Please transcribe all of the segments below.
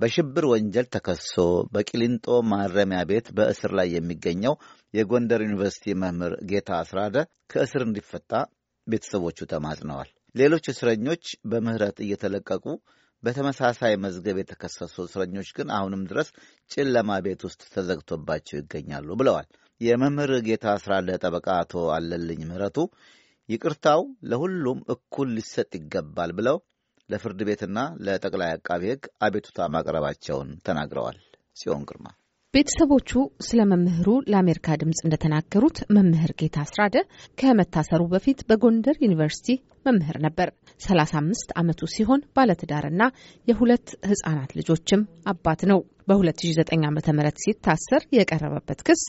በሽብር ወንጀል ተከሶ በቂሊንጦ ማረሚያ ቤት በእስር ላይ የሚገኘው የጎንደር ዩኒቨርሲቲ መምህር ጌታ አስራደ ከእስር እንዲፈታ ቤተሰቦቹ ተማጽነዋል። ሌሎች እስረኞች በምህረት እየተለቀቁ በተመሳሳይ መዝገብ የተከሰሱ እስረኞች ግን አሁንም ድረስ ጨለማ ቤት ውስጥ ተዘግቶባቸው ይገኛሉ ብለዋል። የመምህር ጌታ አስራደ ጠበቃ አቶ አለልኝ ምህረቱ ይቅርታው ለሁሉም እኩል ሊሰጥ ይገባል ብለው ለፍርድ ቤትና ለጠቅላይ አቃቤ ሕግ አቤቱታ ማቅረባቸውን ተናግረዋል። ሲሆን ግርማ ቤተሰቦቹ ስለ መምህሩ ለአሜሪካ ድምፅ እንደተናገሩት መምህር ጌታ አስራደ ከመታሰሩ በፊት በጎንደር ዩኒቨርሲቲ መምህር ነበር። 35 ዓመቱ ሲሆን ባለትዳርና የሁለት ህጻናት ልጆችም አባት ነው። በ2009 ዓ ም ሲታሰር የቀረበበት ክስ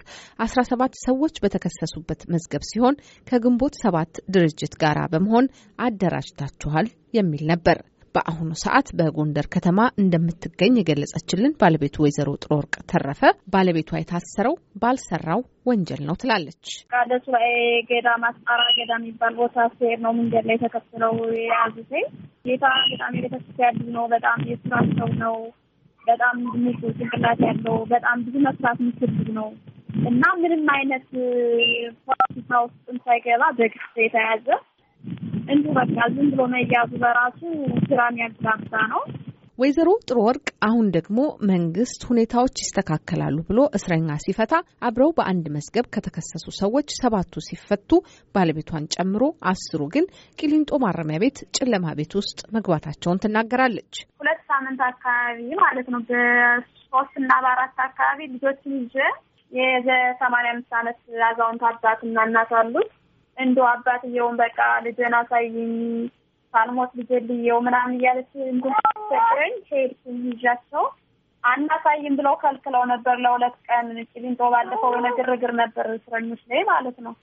17 ሰዎች በተከሰሱበት መዝገብ ሲሆን ከግንቦት ሰባት ድርጅት ጋር በመሆን አደራጅታችኋል የሚል ነበር። በአሁኑ ሰዓት በጎንደር ከተማ እንደምትገኝ የገለጸችልን ባለቤቱ ወይዘሮ ጥሩወርቅ ተረፈ ባለቤቷ የታሰረው ባልሰራው ወንጀል ነው ትላለች። ቃለ ሱባኤ ገዳ ማስጣራ ገዳ የሚባል ቦታ ስሄድ ነው መንገድ ላይ ተከትለው የያዙት። ጌታ በጣም የቤተክርስቲያን ነው። በጣም የስራ ሰው ነው። በጣም ንቁ ጭንቅላት ያለው በጣም ብዙ መስራት የሚችል ነው እና ምንም አይነት ፖለቲካ ውስጥም ሳይገባ በግፍ የተያዘ እንዲሁ በቃ ዝም ብሎ መያዙ በራሱ ስራን ያዛባ ነው። ወይዘሮ ጥሩ ወርቅ አሁን ደግሞ መንግስት ሁኔታዎች ይስተካከላሉ ብሎ እስረኛ ሲፈታ አብረው በአንድ መዝገብ ከተከሰሱ ሰዎች ሰባቱ ሲፈቱ ባለቤቷን ጨምሮ አስሩ ግን ቂሊንጦ ማረሚያ ቤት ጨለማ ቤት ውስጥ መግባታቸውን ትናገራለች። ሳምንት አካባቢ ማለት ነው በሶስት እና በአራት አካባቢ ልጆች ይዤ የሰማንያ አምስት አመት አዛውንት አባት እና እናት አሉት። እንደው አባትየውን በቃ ልጄን አሳይኝ ሳልሞት ልጄን ልየው ምናምን እያለች እንድሰጠኝ ሄድኩኝ ይዣቸው አናሳይም ብለው ከልክለው ነበር ለሁለት ቀን ቂሊንጦ። ባለፈው የሆነ ግርግር ነበር እስረኞች ላይ ማለት ነው።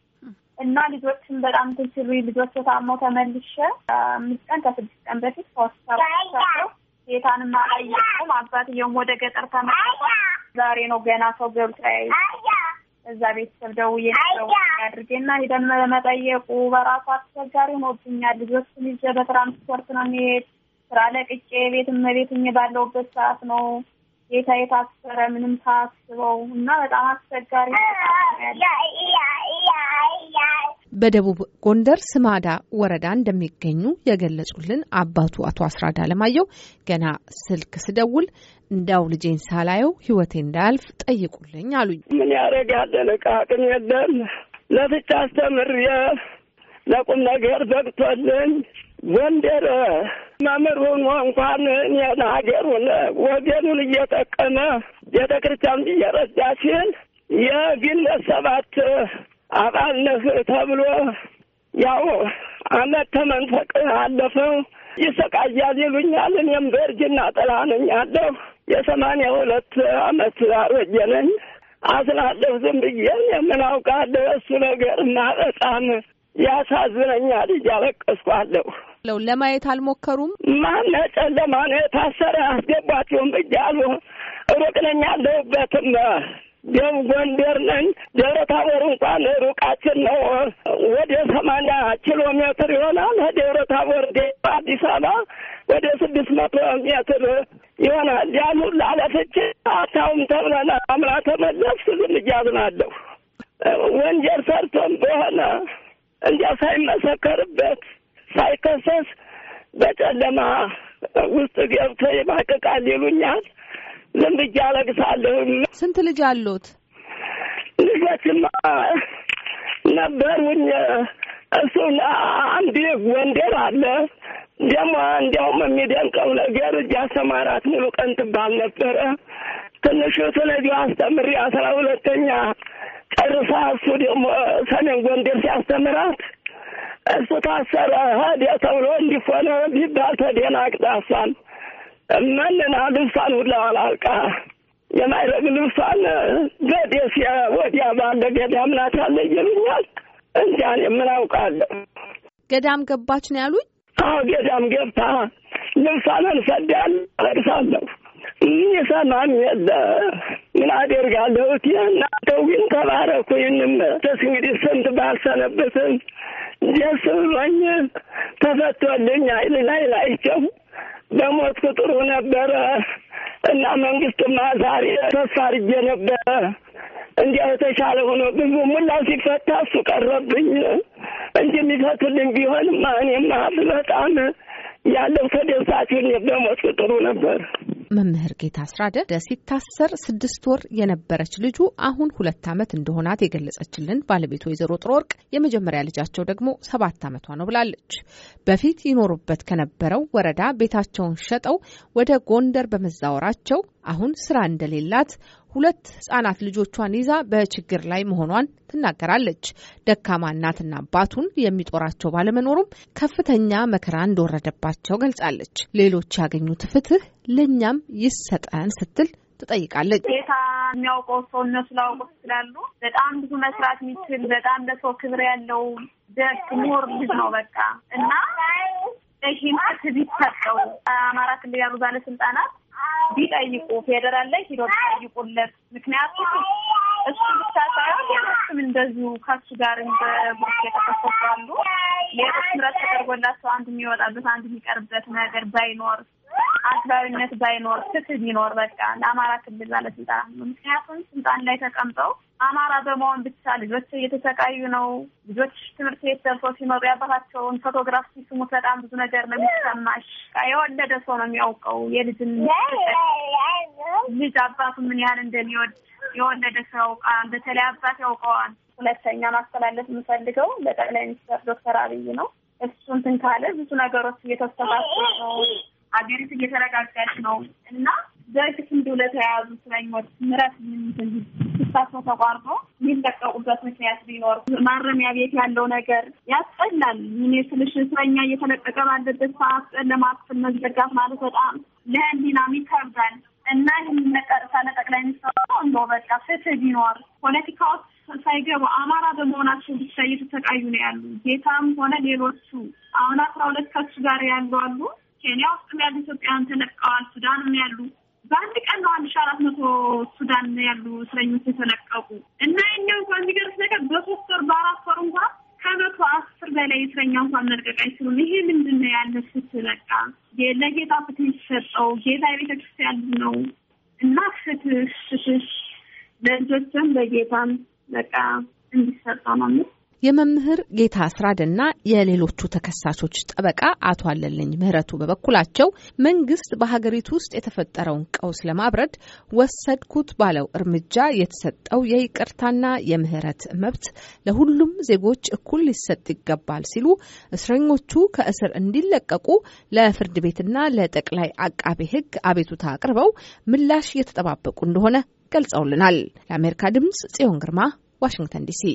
እና ልጆችን በጣም ትንችሉ ልጆች የታመው ተመልሼ አምስት ቀን ከስድስት ቀን በፊት ከወስሳቸው ጌታንም አላየሁም። አባትየውም ወደ ገጠር ተመለሰ። ዛሬ ነው ገና ሰው ገብቶ ያየሁት። እዛ ቤተሰብ ደውዬ ነው አድርጌና ሄደን መጠየቁ በራሱ አስቸጋሪ ሆኖብኛል። ልጆቹን ይዤ በትራንስፖርት ነው የሚሄድ ስራ ለቅቄ ቤት እመቤት ባለውበት ሰዓት ነው ጌታ የታሰረ ምንም ታስበው እና በጣም አስቸጋሪ ነው ያለ በደቡብ ጎንደር ስማዳ ወረዳ እንደሚገኙ የገለጹልን አባቱ አቶ አስራዳ አለማየሁ ገና ስልክ ስደውል እንዳው ልጄን ሳላየው ሕይወቴ እንዳያልፍ ጠይቁልኝ አሉኝ። ምን ያደርጋል እቃ አቅም የለም ለፍቻ አስተምሬ ለቁም ነገር ዘግቶልኝ ጎንደር መምህር ሆኖ እንኳን እኔን ሀገሩን ወገኑን እየጠቀመ ቤተ ክርስቲያን እየረዳ ሲል የግለሰባት አጣለህ ተብሎ ያው አመት ተመንፈቅ አለፈ። ይሰቃያል ይሉኛል። እኔም በእርጅና ጥላ ነኝ አለሁ። የሰማንያ ሁለት አመት አሮጌ ነኝ። አስላለሁ ዝም ብዬ ምን እሱ ነገር እና በጣም ያሳዝነኛል። እያለቀስኳለሁ ለው ለማየት አልሞከሩም። ማነ ጨለማ ነው የታሰረ አስገባችሁም ብያሉ። ሩቅ ነኝ አለሁበትም ደም ጎንደር ነኝ። ደብረ ታቦር እንኳን ሩቃችን ነው። ወደ ሰማንያ ኪሎ ሜትር ይሆናል። ደብረ ታቦር አዲስ አበባ ወደ ስድስት መቶ ሜትር ይሆናል። ያን ሁሉ አለፍቼ አታውም ተብለና አምራ ተመለስ ስሉን እያዝናለሁ። ወንጀል ሰርቶም በሆነ እንዲያ ሳይመሰከርበት ሳይከሰስ በጨለማ ውስጥ ገብተ የማቅቃል ይሉኛል። ዝም ብዬ ስንት ልጅ አሉት? ልጆችማ ነበሩኝ። እሱን አንድ ጎንደር አለ ደግሞ እንዲያውም የሚደንቀው ነገር እያስተማራት ሙሉ ቀን ትባል ነበረ። ትንሹ ስለዚሁ አስተምሪ አስራ ሁለተኛ ጨርሳ እሱ ደግሞ ሰሜን ጎንደር ሲያስተምራት እሱ ታሰረ ሄደ ተብሎ እንዲፎነ ቢባል ተደናግጣ እሷም እማነን አልብሳን ሁላ አላልቃ የማይረግ ልብሷን ዘዴስ ወዲያ ባለ ገዳም ናት አለየልኛል። እንዲያ እኔ ምን አውቃለሁ። ገዳም ገባች ነው ያሉኝ። አዎ ገዳም ገብታ ልብሷን እንሰዳል እርሳለሁ። ይሰማም የለ ምን አደርጋለሁ? እናንተው ግን ተባረኩ። ይህንም ተስ እንግዲህ ስንት ባልሰነበትን ደስ ብሎኝ ተፈቶልኝ አይልን አይላቸው ደሞዝ ጥሩ ነበረ እና መንግስትማ ዛሬ ተስፋ አድርጌ ነበረ እንዲያው የተሻለ ሆኖ ብዙ ሙላ ሲፈታ እሱ ቀረብኝ እንጂ የሚፈቱልኝ ቢሆንማ እኔማ በጣም ያለው ተደሳች ደሞዝ ጥሩ ነበር። መምህር ጌታ አስራደ ሲታሰር ስድስት ወር የነበረች ልጁ አሁን ሁለት ዓመት እንደሆናት የገለጸችልን ባለቤቱ ወይዘሮ ጥሩ ወርቅ የመጀመሪያ ልጃቸው ደግሞ ሰባት ዓመቷ ነው ብላለች። በፊት ይኖሩበት ከነበረው ወረዳ ቤታቸውን ሸጠው ወደ ጎንደር በመዛወራቸው አሁን ስራ እንደሌላት ሁለት ህጻናት ልጆቿን ይዛ በችግር ላይ መሆኗን ትናገራለች። ደካማ እናትና አባቱን የሚጦራቸው ባለመኖሩም ከፍተኛ መከራ እንደወረደባቸው ገልጻለች። ሌሎች ያገኙት ፍትህ ለእኛም ይሰጠን ስትል ትጠይቃለች። ጌታ የሚያውቀው ሰው እነሱ ላውቀው ስላሉ በጣም ብዙ መስራት የሚችል በጣም ለሰው ክብር ያለው ደግ ምሁር ልጅ ነው በቃ እና ይህ ፍትህ ቢሰጠው አማራ ክልል ያሉ ባለስልጣናት ቢጠይቁ ፌዴራል ላይ ሂዶ ቢጠይቁለት። ምክንያቱም እሱ ብቻ ሳይሆን ሌሎችም እንደዚሁ ከሱ ጋር በሞት የተከሰሱ አሉ። ሌሎች ምረት ተደርጎላቸው አንድ የሚወጣበት አንድ የሚቀርበት ነገር ባይኖር አክባሪነት ባይኖር፣ ፍትህ ቢኖር በቃ ለአማራ ክልል ባለስልጣናት ነው። ምክንያቱም ስልጣን ላይ ተቀምጠው አማራ በመሆን ብቻ ልጆች እየተሰቃዩ ነው። ልጆች ትምህርት ቤት ደርሶ ሲመሩ ያባታቸውን ፎቶግራፍ ሲስሙ በጣም ብዙ ነገር ነው የሚሰማሽ። የወለደ ሰው ነው የሚያውቀው የልጅን ልጅ አባቱ ምን ያህል እንደሚወድ የወለደ ሰው ያውቃል። በተለይ አባት ያውቀዋል። ሁለተኛ ማስተላለፍ የምፈልገው ለጠቅላይ ሚኒስትር ዶክተር አብይ ነው። እሱን ትንካለ ብዙ ነገሮች እየተስተካከሉ ነው አገሪቱ እየተረጋጋች ነው እና በፊት እንደው ለተያያዙ እስረኞች ምረት ምንትን ስሳሰ ተቋርጦ የሚለቀቁበት ምክንያት ቢኖር ማረሚያ ቤት ያለው ነገር ያስጠላል። እኔ ስልሽ እስረኛ እየተለቀቀ ባለበት ሰዓት ጨለማ መዘጋት ማለት በጣም ለህሊናም ይከብዳል እና ይህን መቀርሳለ ለጠቅላይ ሚኒስትሩ እንደው በቃ ፍትህ ቢኖር ፖለቲካ ውስጥ ሳይገቡ አማራ በመሆናቸው ብቻ እየተሰቃዩ ነው ያሉ ጌታም ሆነ ሌሎቹ አሁን አስራ ሁለት ከሱ ጋር ያሉ አሉ ኬንያ ውስጥም ያሉ ኢትዮጵያውያን ተለቀዋል። ሱዳንም ያሉ በአንድ ቀን ነው አንድ ሺ አራት መቶ ሱዳን ያሉ እስረኞች የተለቀቁ እና እኛው እንኳን የሚገርስ ነገር በሶስት ወር በአራት ወር እንኳን ከመቶ አስር በላይ እስረኛ እንኳን መልቀቅ አይችሉም። ይሄ ምንድን ነው ያለ ፍትህ በቃ ለጌታ ፍትህ የተሰጠው ጌታ የቤተክርስቲያን ነው እና ፍትህ ፍትህ ለልጆችም በጌታም በቃ እንዲሰጠው ነው ምት የመምህር ጌታ አስራድና የሌሎቹ ተከሳሾች ጠበቃ አቶ አለልኝ ምህረቱ በበኩላቸው መንግስት በሀገሪቱ ውስጥ የተፈጠረውን ቀውስ ለማብረድ ወሰድኩት ባለው እርምጃ የተሰጠው የይቅርታና የምህረት መብት ለሁሉም ዜጎች እኩል ሊሰጥ ይገባል ሲሉ እስረኞቹ ከእስር እንዲለቀቁ ለፍርድ ቤትና ለጠቅላይ አቃቤ ሕግ አቤቱታ አቅርበው ምላሽ እየተጠባበቁ እንደሆነ ገልጸውልናል። ለአሜሪካ ድምጽ ጽዮን ግርማ ዋሽንግተን ዲሲ